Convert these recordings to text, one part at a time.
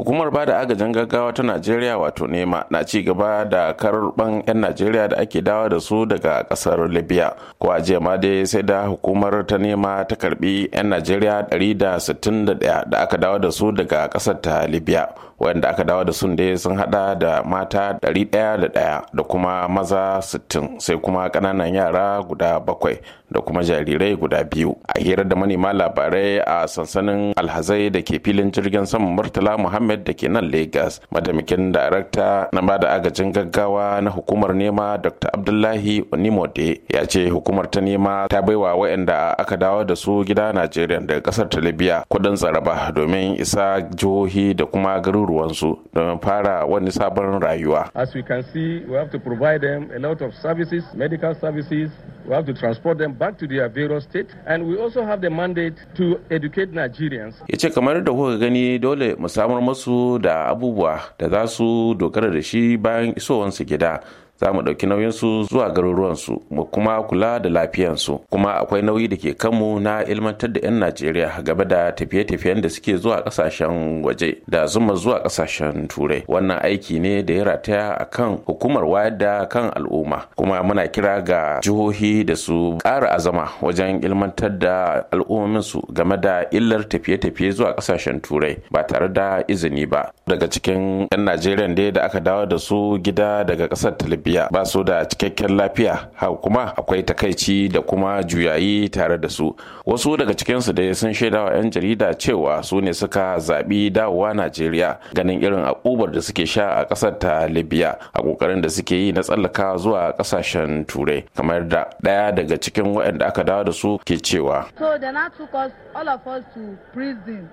hukumar ba da agajin gaggawa ta najeriya wato nema na ci gaba da karban 'yan najeriya da ake dawa da su daga kasar libya ko a jiya ma dai sai da hukumar ta nema ta karbi 'yan najeriya 161 da aka dawo da su daga kasar ta libya wanda aka dawo da sun dai sun hada da mata 101 da kuma maza 60 sai kuma ƙananan yara guda bakwai da kuma jarirai guda biyu a hirar da manema labarai a sansanin alhazai da ke filin jirgin saman murtala muhammad da ke nan lagos madamakin darakta na bada agajin gaggawa na hukumar nema dr abdullahi onimode ya ce hukumar ta nema ta baiwa waɗanda aka dawo da su gida najeriya daga ƙasar ta libya kuɗin tsaraba domin isa jihohi da kuma garuruwansu domin fara wani sabon rayuwa as we can see we have to provide them a lot of services medical services We have to transport them back to their various states and we also have the mandate to educate Nigerians. Ya ce kamar da kuka gani dole mu samar masu da abubuwa da za su dogara da shi bayan isowansu gida za mu ɗauki nauyinsu zuwa garuruwansu mu kuma kula da lafiyansu kuma akwai nauyi da ke kanmu na ilmantar da 'yan najeriya game da tafiye-tafiyen da suke zuwa ƙasashen waje da zuma zuwa ƙasashen turai wannan aiki ne da ya rataya a kan hukumar wayar da kan al'umma kuma muna kira ga jihohi da su ƙara azama wajen ilmantar da al'ummominsu game da illar tafiye-tafiye zuwa ƙasashen turai ba tare da izini ba daga cikin 'yan najeriya da aka dawo da su gida daga ƙasar talibi tafiya ba su da cikakken lafiya ha kuma akwai takaici da kuma juyayi tare da su wasu daga cikinsu dai sun shaida wa 'yan jarida cewa su ne suka zaɓi dawowa najeriya ganin irin akubar da suke sha a ƙasar ta libya a ƙoƙarin da suke yi na tsallaka zuwa ƙasashen turai kamar da ɗaya daga cikin waɗanda aka dawo da su ke cewa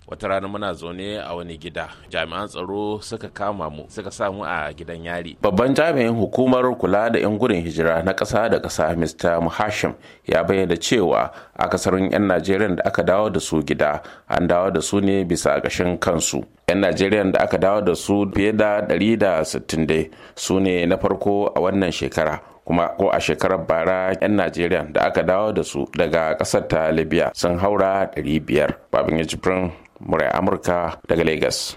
wata rana muna zaune a wani gida jami'an tsaro suka kama mu suka samu a gidan yari babban jami'in hukumar cibiyar kula da 'yan gudun hijira na ƙasa da ƙasa mr muhashim ya bayyana cewa a akasarin 'yan najeriya da aka dawo da su gida an dawo da su ne bisa gashin kansu 'yan najeriya da aka dawo da su fiye da 160 su ne na farko a wannan shekara kuma ko a shekarar bara 'yan najeriya da aka dawo da su daga ƙasar ta libya sun haura 500 babin jibrin murai amurka daga Legas.